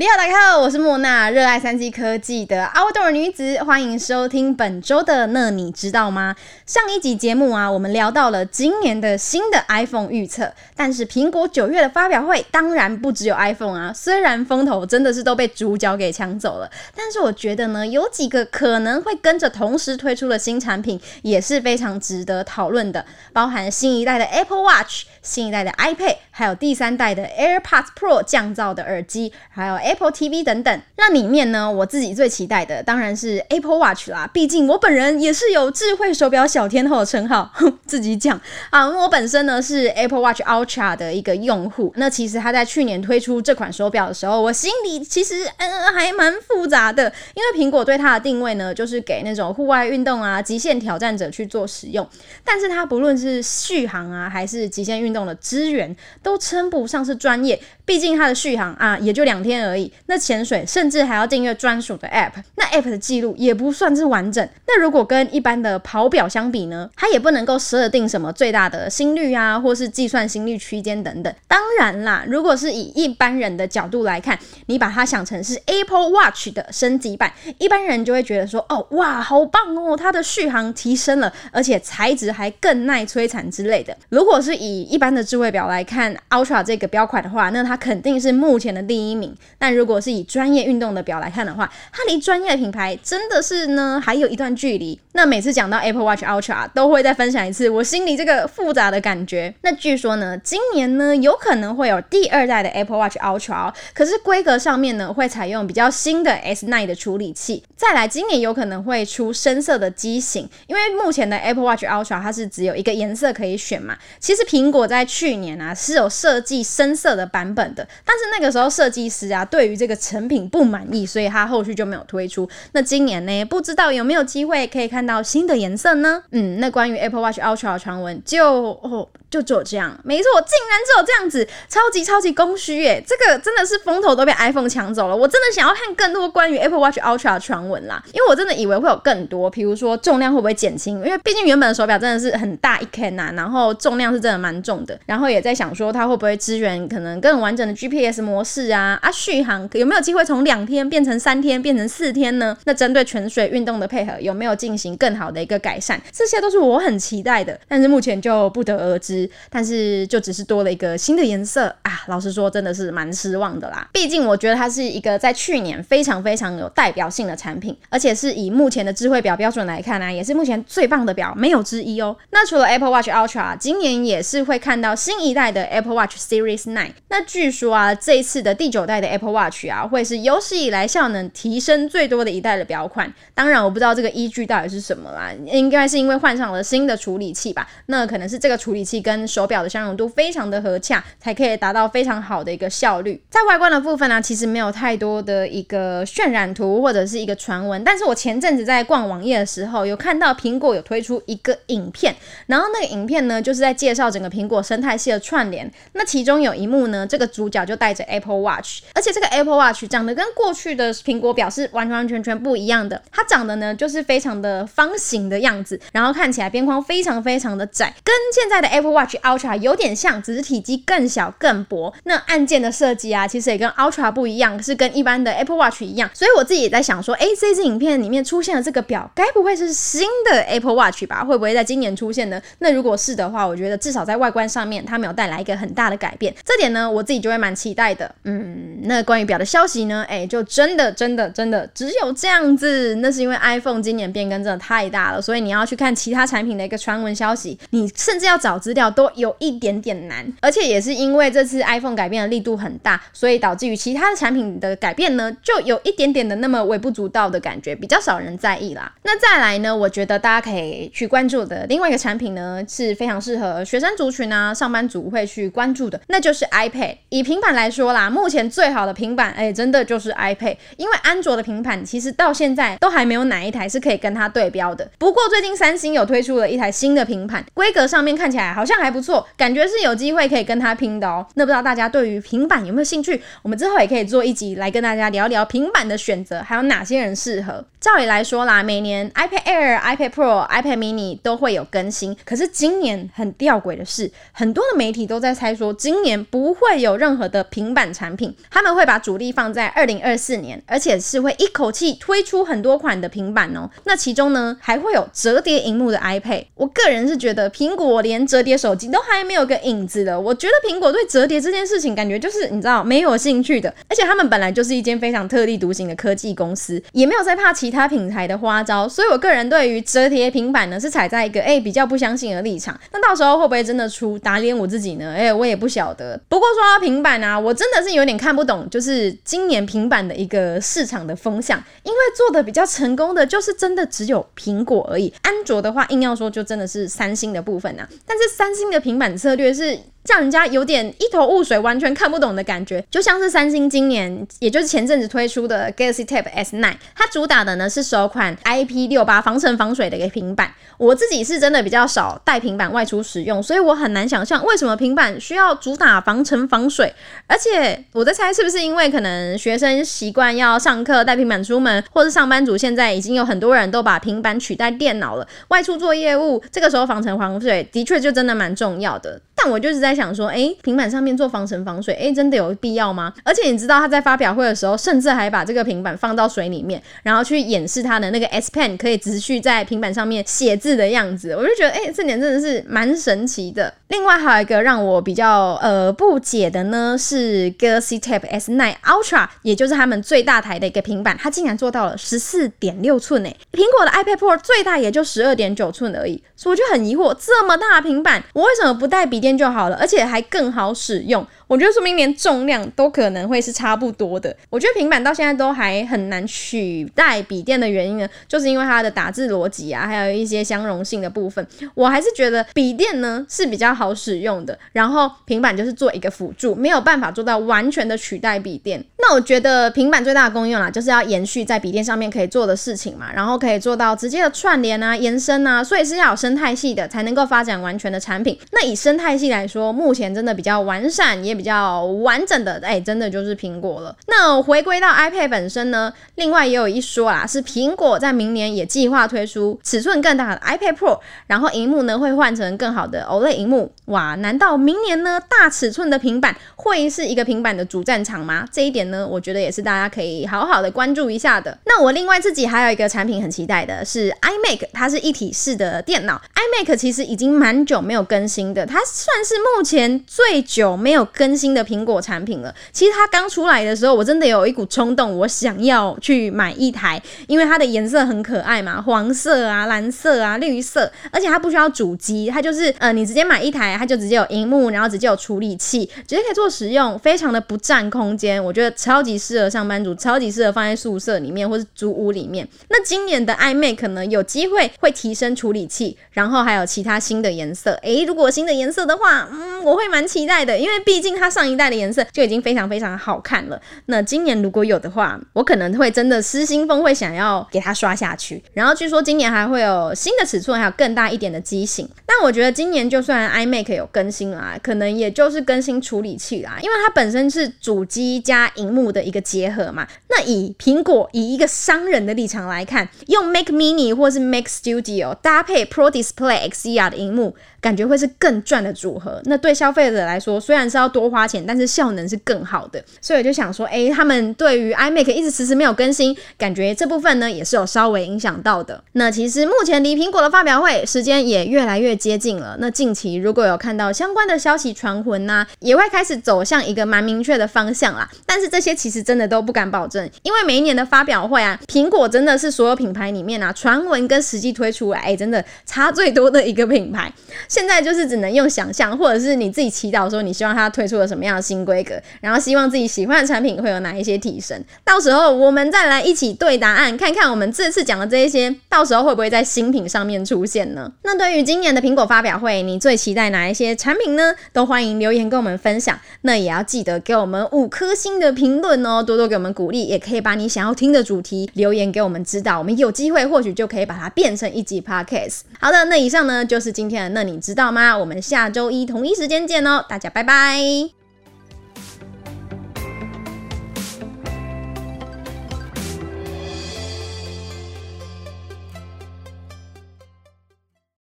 你好，大家好，我是莫娜，熱愛 3C 科技的 outdoor 女子，歡迎收聽本周的那你知道嗎？上一集節目啊，我們聊到了今年的新的 iPhone 預測，但是蘋果九月的發表會當然不只有 iPhone 啊，雖然風頭真的是都被主角給搶走了，但是我覺得呢，有幾個可能會跟着同時推出的新產品也是非常值得討論的，包含新一代的 Apple Watch、新一代的 iPad，還有第三代的 AirPods Pro 降噪的耳機，還有。Apple TV 等等，那裡面呢，我自己最期待的當然是 Apple Watch 啦。畢竟我本人也是有“智慧手錶小天後的”的稱號，自己講啊、嗯。我本身呢是 Apple Watch Ultra 的一個用戶。那其實他在去年推出這款手錶的時候，我心裡其實嗯嗯、呃、還蠻複雜的，因為蘋果對它的定位呢，就是給那種戶外運動啊、極限挑戰者去做使用。但是它不論是續航啊，還是極限運動的資源，都稱不上是專業。畢竟它的續航啊，也就兩天而已。那潛水甚至還要訂閱專屬的 app，那 app 的記錄也不算是完整。那如果跟一般的跑錶相比呢？它也不能夠設定什麼最大的心率啊，或是計算心率區間等等。當然啦，如果是以一般人的角度來看，你把它想成是 Apple Watch 的升級版，一般人就會覺得說：哦，哇，好棒哦！它的續航提升了，而且材質還更耐摧殘之類的。如果是以一般的智慧表來看 Ultra 這個表款的話，那它肯定是目前的第一名。那但如果是以專業運動的表來看的話，它離專業品牌真的是呢還有一段距離。那每次講到 Apple Watch Ultra 都會再分享一次我心裡這個複雜的感覺。那據說呢，今年呢有可能會有第二代的 Apple Watch Ultra 哦，可是規格上面呢會採用比較新的 S9 的處理器。再來，今年有可能會出深色的機型，因為目前的 Apple Watch Ultra 它是只有一個顏色可以選嘛。其實蘋果在去年啊是有設計深色的版本的，但是那個時候設計師啊對。對於這個成品不滿意，所以他後續就沒有推出。那今年呢？不知道有沒有機會可以看到新的顏色呢？嗯，那關於 Apple Watch Ultra 的傳聞就……哦就只有這樣，沒錯，竟然只有這樣子，超級超級空虛耶！這個真的是風頭都被 iPhone 搶走了。我真的想要看更多關於 Apple Watch Ultra 的傳聞啦，因為我真的以為會有更多，比如說重量會不會減輕？因為畢竟原本的手錶真的是很大一咖啊，然後重量是真的蠻重的。然後也在想說它會不會支援可能更完整的 GPS 模式啊？啊，續航有沒有機會從兩天變成三天，變成四天呢？那針對潛水運動的配合有沒有進行更好的一個改善？這些都是我很期待的，但是目前就不得而知。但是就只是多了一個新的顏色啊！老實說，真的是蠻失望的啦。畢竟我覺得它是一個在去年非常非常有代表性的產品，而且是以目前的智慧表標準來看呢、啊，也是目前最棒的表沒有之一哦、喔。那除了 Apple Watch Ultra，今年也是會看到新一代的 Apple Watch Series 9。那據說啊，這一次的第九代的 Apple Watch 啊，會是有史以來效能提升最多的一代的表款。當然，我不知道這個依據到底是什麼啦，應該是因為換上了新的處理器吧？那可能是這個處理器。跟手錶的相容度非常的合洽，才可以達到非常好的一個效率。在外觀的部分呢、啊，其實沒有太多的一個渲染圖或者是一個傳聞，但是我前陣子在逛網頁的時候，有看到蘋果有推出一個影片，然後那個影片呢，就是在介紹整個蘋果生態系的串聯。那其中有一幕呢，這個主角就帶着 Apple Watch，而且這個 Apple Watch 長得跟過去的蘋果錶是完完全全不一樣的，它長得呢就是非常的方形的樣子，然後看起來邊框非常非常的窄，跟現在的 Apple。Watch Ultra 有點像，只是體積更小、更薄。那按鍵的設計啊，其實也跟 Ultra 不一樣，是跟一般的 Apple Watch 一樣。所以我自己也在想說，誒，這支影片裡面出現的這個錶，該不會是新的 Apple Watch 吧？會不會在今年出現呢？那如果是的話，我覺得至少在外觀上面，它沒有帶來一個很大的改變。這點呢，我自己就會蠻期待的。嗯，那關於錶的消息呢？誒、欸，就真的、真的、真的只有這樣子。那是因為 iPhone 今年變更真的太大了，所以你要去看其他產品的一個傳聞消息，你甚至要找資料。都有一點點難，而且也是因為這次 iPhone 改變的力度很大，所以導致於其他的產品的改變呢，就有一點點的那麼微不足道的感覺，比較少人在意啦。那再來呢，我覺得大家可以去關注的另外一個產品呢，是非常適合學生族群啊、上班族會去關注的，那就是 iPad。以平板來說啦，目前最好的平板，哎、欸，真的就是 iPad，因為安卓的平板其實到現在都還沒有哪一台是可以跟它對標的，不過最近三星有推出了一台新的平板，規格上面看起來好像。還不錯，感覺是有機會可以跟他拼的哦。那不知道大家對於平板有沒有興趣？我們之後也可以做一集來跟大家聊聊平板的選擇，還有哪些人適合。照理來說啦，每年 iPad Air、iPad Pro、iPad Mini 都會有更新。可是今年很吊詭的是，很多的媒體都在猜說，今年不會有任何的平板產品，他們會把主力放在二零二四年，而且是會一口氣推出很多款的平板哦。那其中呢，還會有折疊熒幕的 iPad。我個人是覺得，蘋果連折疊手手機都還沒有個影子的，我覺得蘋果對折疊這件事情感覺就是你知道沒有興趣的，而且他們本來就是一間非常特立獨行的科技公司，也沒有在怕其他品牌的花招，所以我個人對於折疊平板呢是踩在一個欸，比較不相信的立場，那到時候會不會真的出打臉我自己呢？欸，我也不曉得。不過說到平板啊，我真的是有點看不懂，就是今年平板的一個市場的風向，因為做的比較成功的就是真的只有蘋果而已，安卓的話硬要說就真的是三星的部分啊，但是三。新的平板策略是。讓人家有點一頭霧水，完全看不懂的感覺，就像是三星今年，也就是前陣子推出的 Galaxy Tab S9，它主打的呢是首款 IP68 防塵防水的一個平板。我自己是真的比較少帶平板外出使用，所以我很難想象為什麼平板需要主打防塵防水。而且我在猜，是不是因為可能學生習慣要上課帶平板出門，或是上班族現在已經有很多人都把平板取代電腦了，外出做業務，這個時候防塵防水的確就真的蠻重要的。但我就是在想說，誒、欸，平板上面做防塵防水，誒、欸，真的有必要嗎？而且你知道他在發表會的時候，甚至還把這個平板放到水裡面，然後去演示他的那個 S Pen 可以持續在平板上面寫字的樣子，我就覺得，誒、欸，這點真的是蠻神奇的。另外還有一個讓我比較呃不解的呢，是 Galaxy Tab S9 Ultra，也就是他們最大台的一個平板，它竟然做到了十四點六寸欸。蘋果的 iPad Pro 最大也就十二點九寸而已，所以我就很疑惑，這麼大的平板我為什麼不帶筆電就好了，而且還更好使用。我覺得說明連重量都可能會是差不多的。我覺得平板到現在都還很難取代筆電的原因呢，就是因為它的打字邏輯啊，還有一些相容性的部分。我還是覺得筆電呢是比較好使用的，然後平板就是做一個輔助，沒有辦法做到完全的取代筆電。那我覺得平板最大的功用啦、啊，就是要延續在筆電上面可以做的事情嘛，然後可以做到直接的串聯啊、延伸啊，所以是要有生態系的才能夠發展完全的產品。那以生態系來說，目前真的比較完善也。比較完整的哎、欸，真的就是蘋果了。那回歸到 iPad 本身呢，另外也有一說啦，是蘋果在明年也計劃推出尺寸更大的 iPad Pro，然後熒幕呢會換成更好的 OLED 熒幕。哇，難道明年呢大尺寸的平板會是一個平板的主戰場嗎？這一點呢，我覺得也是大家可以好好的關注一下的。那我另外自己還有一個產品很期待的是 iMac，它是一體式的電腦。iMac 其實已經蠻久沒有更新的，它算是目前最久沒有更新的更新的蘋果產品了。其實它剛出來的時候，我真的有一股衝動，我想要去買一台，因為它的顏色很可愛嘛，黃色啊、藍色啊、綠色，而且它不需要主機，它就是呃，你直接買一台，它就直接有熒幕，然後直接有處理器，直接可以做使用，非常的不佔空間，我覺得超級適合上班族，超級適合放在宿舍裡面或是租屋裡面。那今年的 iMac 可能有機會會提升處理器，然後還有其他新的顏色。誒、欸，如果新的顏色的話，嗯，我會蠻期待的，因為畢竟。它上一代的顏色就已經非常非常好看了。那今年如果有的話，我可能會真的失心瘋，會想要給它刷下去。然後據說今年還會有新的尺寸，還有更大一點的機型。但我覺得今年就算 iMac 有更新啦，可能也就是更新處理器啦，因為它本身是主機加熒幕的一個結合嘛。那以蘋果，以一個商人的立場來看，用 Mac Mini 或是 Mac Studio 搭配 Pro Display XDR、er、的熒幕，感覺會是更賺的組合。那對消費者來說，雖然是要多。花錢，但是效能是更好的，所以我就想說，哎、欸，他們對於 iMac 一直遲遲沒有更新，感覺這部分呢也是有稍微影響到的。那其實目前離蘋果的發表會時間也越來越接近了。那近期如果有看到相關的消息傳聞呢，也會開始走向一個蠻明確的方向啦。但是這些其實真的都不敢保證，因為每一年的發表會啊，蘋果真的是所有品牌裡面啊，傳聞跟實際推出來，哎、欸，真的差最多的一個品牌。現在就是只能用想象，或者是你自己祈禱說，你希望它推出有什麼樣的新規格？然後希望自己喜歡的產品會有哪一些提升？到時候我們再來一起對答案，看看我們這次講的這些，到時候會不會在新品上面出現呢？那對於今年的蘋果發表會，你最期待哪一些產品呢？都歡迎留言跟我們分享。那也要記得給我們五顆星的評論哦，多多給我們鼓勵。也可以把你想要聽的主題留言給我們知道，我們有機會或許就可以把它變成一集 Podcast。好的，那以上呢就是今天的那你知道嗎？我們下周一同一時間見哦、喔，大家拜拜。